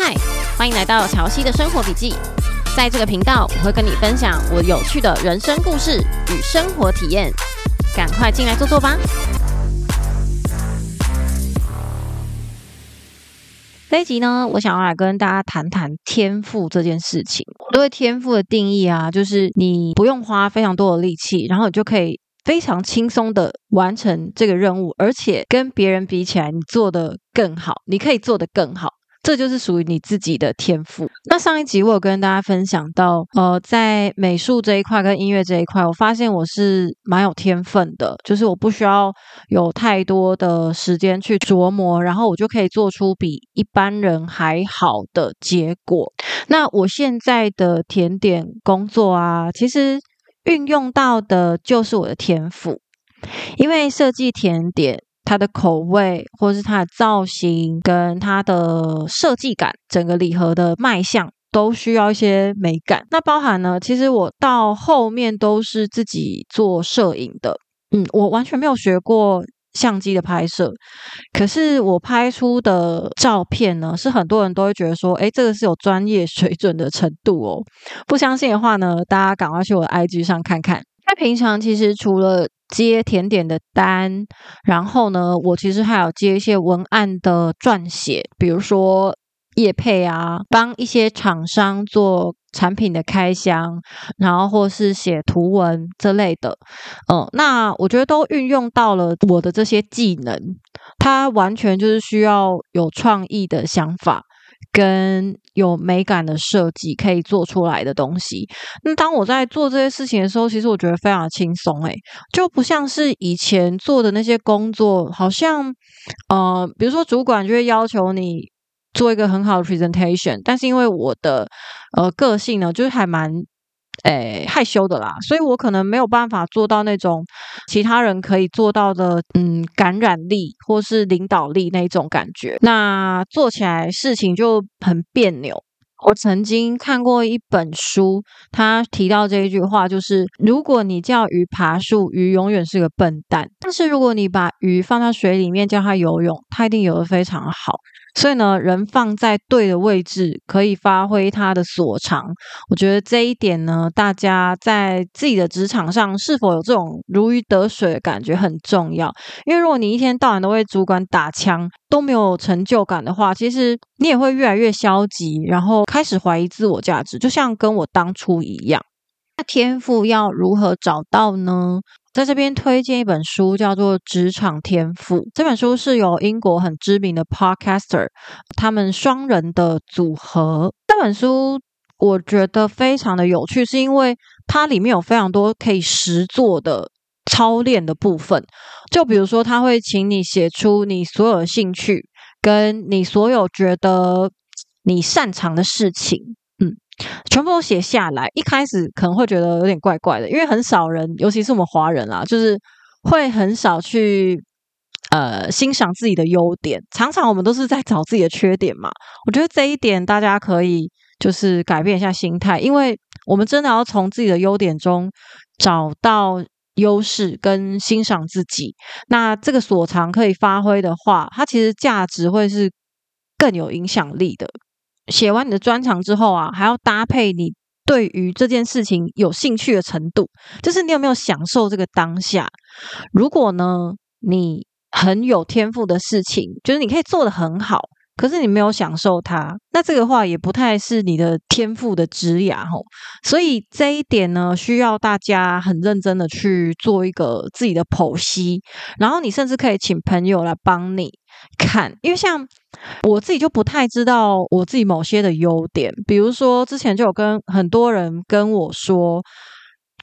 嗨，Hi, 歡迎來到蕎希的生活筆記。在這個頻道，我會跟你分享我有趣的人生故事與生活體驗。趕快進來坐坐吧。這一集呢，我想要來跟大家談談天賦這件事情。我對天賦的定義啊，就是你不用花非常多的力氣，然後你就可以非常輕鬆地完成這個任務，而且跟別人比起來，你做得更好，你可以做得更好。這就是屬於你自己的天賦。那上一集我有跟大家分享到，呃，在美術這一塊跟音樂這一塊，我發現我是蠻有天分的，就是我不需要有太多的時間去琢磨，然後我就可以做出比一般人還好的結果。那我現在的甜點工作啊，其實運用到的就是我的天賦，因為設計甜點，它的口味，或者是它的造型，跟它的設計感，整個禮盒的賣相都需要一些美感。那包含呢，其實我到後面都是自己做攝影的，嗯，我完全沒有學過相機的拍攝，可是我拍出的照片呢，是很多人都會覺得說，誒、欸，這個是有專業水準的程度哦。不相信的話呢，大家趕快去我的 IG 上看看。在平常，其實除了接甜點的單，然後呢，我其實還有接一些文案的撰寫，比如說業配啊，幫一些廠商做產品的開箱，然後或是寫圖文之類的。嗯，那我覺得都運用到了我的這些技能，它完全就是需要有創意的想法。跟有美感的設計可以做出來的東西，那當我在做這些事情的時候，其實我覺得非常輕鬆，誒，就不像是以前做的那些工作，好像呃，比如說主管就會要求你做一個很好的 presentation，但是因為我的呃個性呢，就是還蠻。誒、哎，害羞的啦，所以我可能沒有辦法做到那種其他人可以做到的，嗯，感染力或是領導力那種感覺。那做起來事情就很彆扭。我曾經看過一本書，他提到這一句話，就是如果你叫魚爬樹，魚永遠是個笨蛋；但是如果你把魚放到水裡面叫它游泳，它一定游得非常好。所以呢，人放在對的位置，可以發揮他的所長。我覺得這一點呢，大家在自己的職場上是否有這種如魚得水的感覺很重要。因為如果你一天到晚都為主管打槍，都沒有成就感的話，其實你也會越來越消極，然後開始懷疑自我價值，就像跟我當初一樣。那天賦要如何找到呢？在這邊推薦一本書，叫做《職場天賦》。這本書是由英國很知名的 Podcaster 他們雙人的組合。這本書我覺得非常的有趣，是因為它裡面有非常多可以實作的操練的部分。就比如說，他會請你寫出你所有的興趣，跟你所有覺得你擅長的事情。全部都寫下來。一開始可能會覺得有點怪怪的，因為很少人，尤其是我們華人啦、啊，就是會很少去呃欣賞自己的優點。常常我們都是在找自己的缺點嘛。我覺得這一點大家可以就是改變一下心態，因為我們真的要從自己的優點中找到優勢，跟欣賞自己。那這個所長可以發揮的話，它其實價值會是更有影響力的。寫完你的專長之後啊，還要搭配你對於這件事情有興趣的程度，就是你有沒有享受這個當下。如果呢，你很有天賦的事情，就是你可以做得很好。可是你沒有享受它，那這個話也不太是你的天賦的枝芽吼，所以這一點呢，需要大家很認真的去做一個自己的剖析，然後你甚至可以請朋友來幫你看，因為像我自己就不太知道我自己某些的優點，比如說之前就有跟很多人跟我說，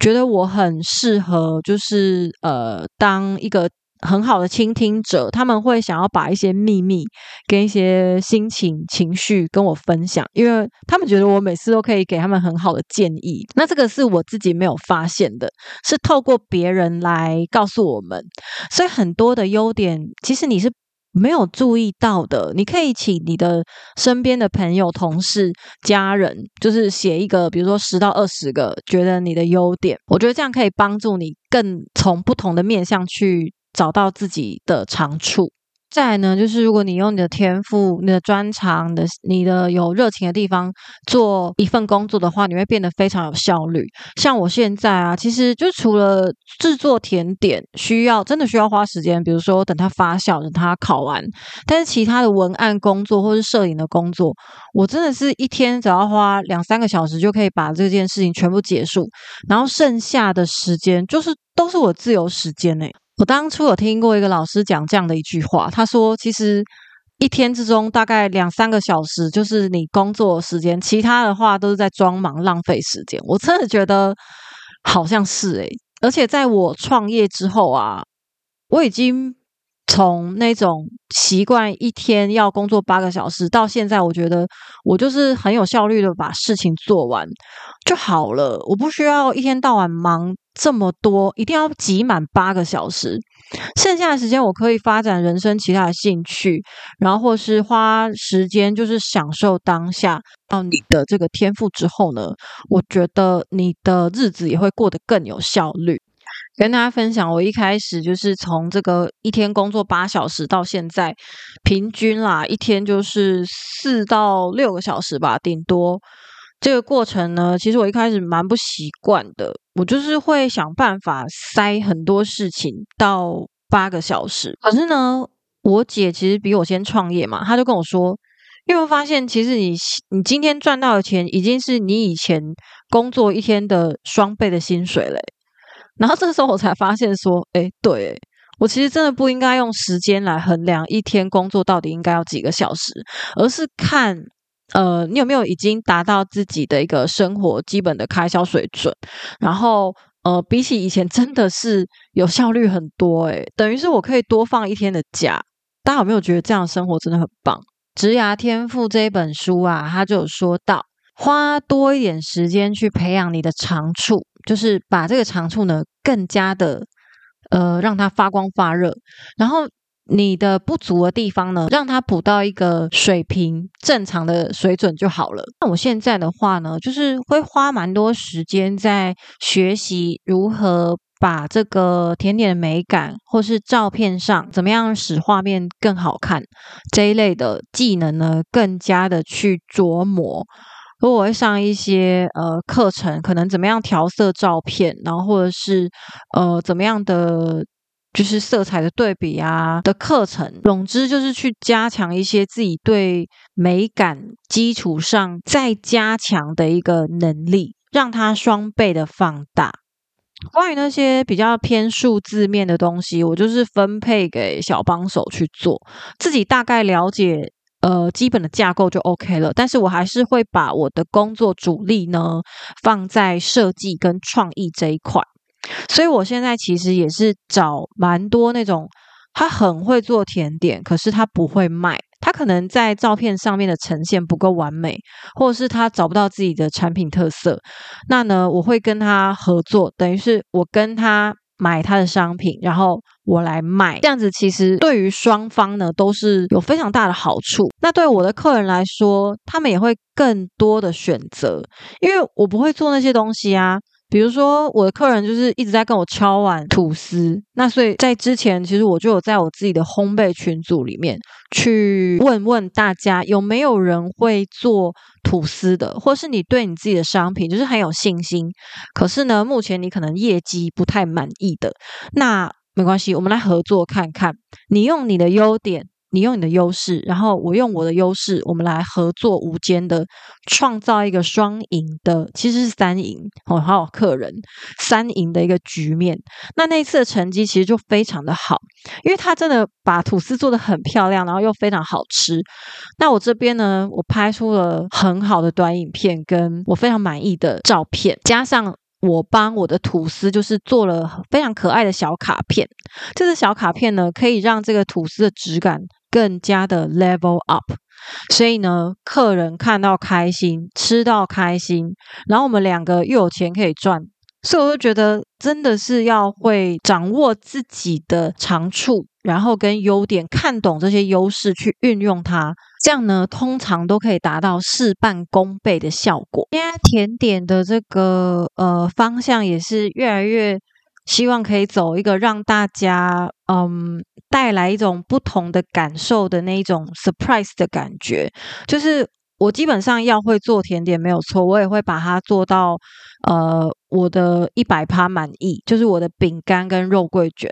覺得我很適合就是呃當一個。很好的傾聽者，他們會想要把一些秘密跟一些心情、情緒跟我分享，因為他們覺得我每次都可以給他們很好的建議。那這個是我自己沒有發現的，是透過別人來告訴我們。所以很多的優點，其實你是沒有注意到的。你可以請你的身邊的朋友、同事、家人，就是寫一個，比如說十到二十個，覺得你的優點。我覺得這樣可以幫助你更從不同的面向去。找到自己的長處，再來呢，就是如果你用你的天賦、你的專長、你的你的有熱情的地方做一份工作的話，你會變得非常有效率。像我現在啊，其實就是除了制作甜點需要真的需要花時間，比如說等它發酵、等它烤完，但是其他的文案工作或者是攝影的工作，我真的是一天只要花兩三個小時就可以把這件事情全部結束，然後剩下的時間就是都是我自由時間呢、欸。我當初有聽過一個老師講這樣的一句話，他說：“其實一天之中大概兩三個小時就是你工作時間，其他的話都是在裝忙浪費時間。”我真的覺得好像是誒，而且在我創業之後啊，我已經。從那種習慣一天要工作八個小時，到現在，我覺得我就是很有效率的把事情做完就好了。我不需要一天到晚忙這麼多，一定要擠滿八個小時。剩下的時間，我可以發展人生其他的興趣，然後或是花時間就是享受當下。到你的這個天賦之後呢，我覺得你的日子也會過得更有效率。跟大家分享，我一開始就是從這個一天工作八小時到現在，平均啦一天就是四到六個小時吧，頂多。這個過程呢，其實我一開始蠻不習慣的，我就是會想辦法塞很多事情到八個小時。可是呢，我姐其實比我先創業嘛，她就跟我說：“你有沒有發現，其實你你今天賺到的錢，已經是你以前工作一天的雙倍的薪水嘞欸？”然後這個時候我才發現說，誒，對，我其實真的不應該用時間來衡量一天工作到底應該要幾個小時，而是看，呃，你有沒有已經達到自己的一個生活基本的開銷水準。然後，呃，比起以前真的是有效率很多誒，等於是我可以多放一天的假。大家有沒有覺得這樣的生活真的很棒。《職涯天賦》這一本書啊，它就有說到，花多一點時間去培養你的長處。就是把這個長處呢，更加的呃讓它發光發熱，然後你的不足的地方呢，讓它補到一個水平正常的水準就好了。那我現在的話呢，就是會花蠻多時間在學習如何把這個甜點的美感，或是照片上怎麼樣使畫面更好看，這一類的技能呢，更加的去琢磨。我會上一些呃課程，可能怎麼樣調色照片，然後或者是呃怎麼樣的就是色彩的對比啊的課程。總之就是去加強一些自己對美感基礎上再加強的一個能力，讓它雙倍的放大。關於那些比較偏數字面的東西，我就是分配給小幫手去做，自己大概了解。呃，基本的架構就 OK 了，但是我還是會把我的工作主力呢放在設計跟創意這一塊，所以我現在其實也是找蠻多那種他很會做甜點，可是他不會賣，他可能在照片上面的呈現不夠完美，或者是他找不到自己的產品特色。那呢，我會跟他合作，等於是我跟他。買他的商品，然後我來賣，這樣子其實對於雙方呢都是有非常大的好處。那對我的客人來說，他們也會更多的選擇，因為我不會做那些東西啊。比如說，我的客人就是一直在跟我敲碗吐司，那所以在之前，其實我就有在我自己的烘焙群組裡面去問問大家，有沒有人會做吐司的，或是你對你自己的商品就是很有信心，可是呢，目前你可能業績不太滿意的，那沒關係，我們來合作看看，你用你的優點。你用你的優勢，然後我用我的優勢，我們來合作無間的創造一個雙贏的，其實是三贏我、哦、好好客人三贏的一個局面。那那一次的成績其實就非常的好，因為他真的把吐司做得很漂亮，然後又非常好吃。那我這邊呢，我拍出了很好的短影片，跟我非常滿意的照片，加上我幫我的吐司就是做了非常可愛的小卡片。這個小卡片呢，可以讓這個吐司的質感更加的 level up，所以呢，客人看到開心，吃到開心，然後我們兩個又有錢可以賺，所以我就覺得真的是要會掌握自己的長處，然後跟優點，看懂這些優勢去運用它，這樣呢，通常都可以達到事半功倍的效果。因為甜點的這個呃方向也是越來越。希望可以走一個讓大家嗯帶來一種不同的感受的那一種 surprise 的感覺，就是我基本上要會做甜點沒有錯，我也會把它做到呃我的一百趴滿意，就是我的餅乾跟肉桂卷，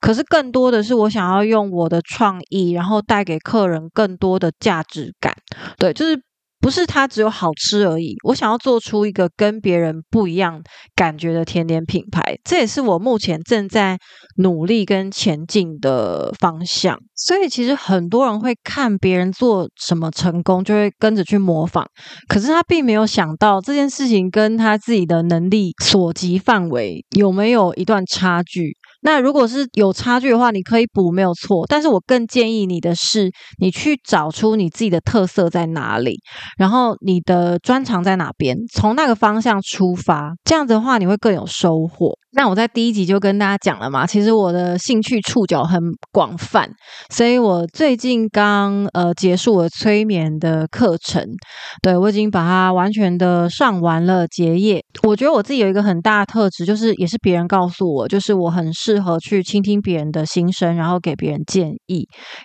可是更多的是我想要用我的創意，然後帶給客人更多的價值感，對，就是。不是它只有好吃而已，我想要做出一個跟別人不一樣感覺的甜點品牌，這也是我目前正在努力跟前進的方向。所以其實很多人會看別人做什麼成功，就會跟着去模仿，可是他並沒有想到這件事情跟他自己的能力所及範圍有沒有一段差距。那如果是有差距的話，你可以補，沒有錯。但是我更建議你的是，你去找出你自己的特色在哪裡，然後你的專長在哪邊，從那個方向出發，這樣子的話你會更有收穫。那我在第一集就跟大家講了嘛，其實我的興趣觸角很廣泛，所以我最近剛呃結束了催眠的課程，對，我已經把它完全的上完了結業。我覺得我自己有一個很大的特質，就是也是別人告訴我，就是我很適合。適合去傾聽別人的心聲，然後給別人建議，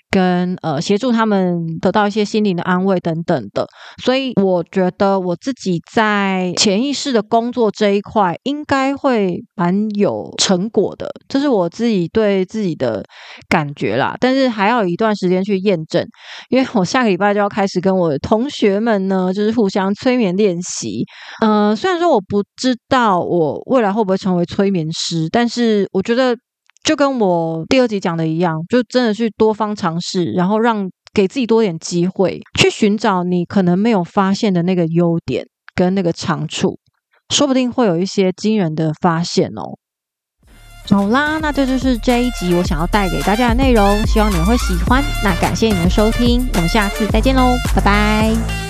跟呃協助他們得到一些心靈的安慰等等的。所以我覺得我自己在潛意識的工作這一塊應該會蠻有成果的，這是我自己對自己的感覺啦。但是還要一段時間去驗證，因為我下個禮拜就要開始跟我的同學們呢，就是互相催眠練習。嗯、呃，雖然說我不知道我未來會不會成為催眠師，但是我覺得。就跟我第二集講的一樣，就真的去多方嘗試，然後讓給自己多點機會，去尋找你可能沒有發現的那個優點跟那個長處，說不定會有一些驚人的發現哦。好啦，那這就，就是這一集我想要帶給大家的內容，希望你們會喜歡。那感謝你們收聽，我們下次再見嘍，拜拜。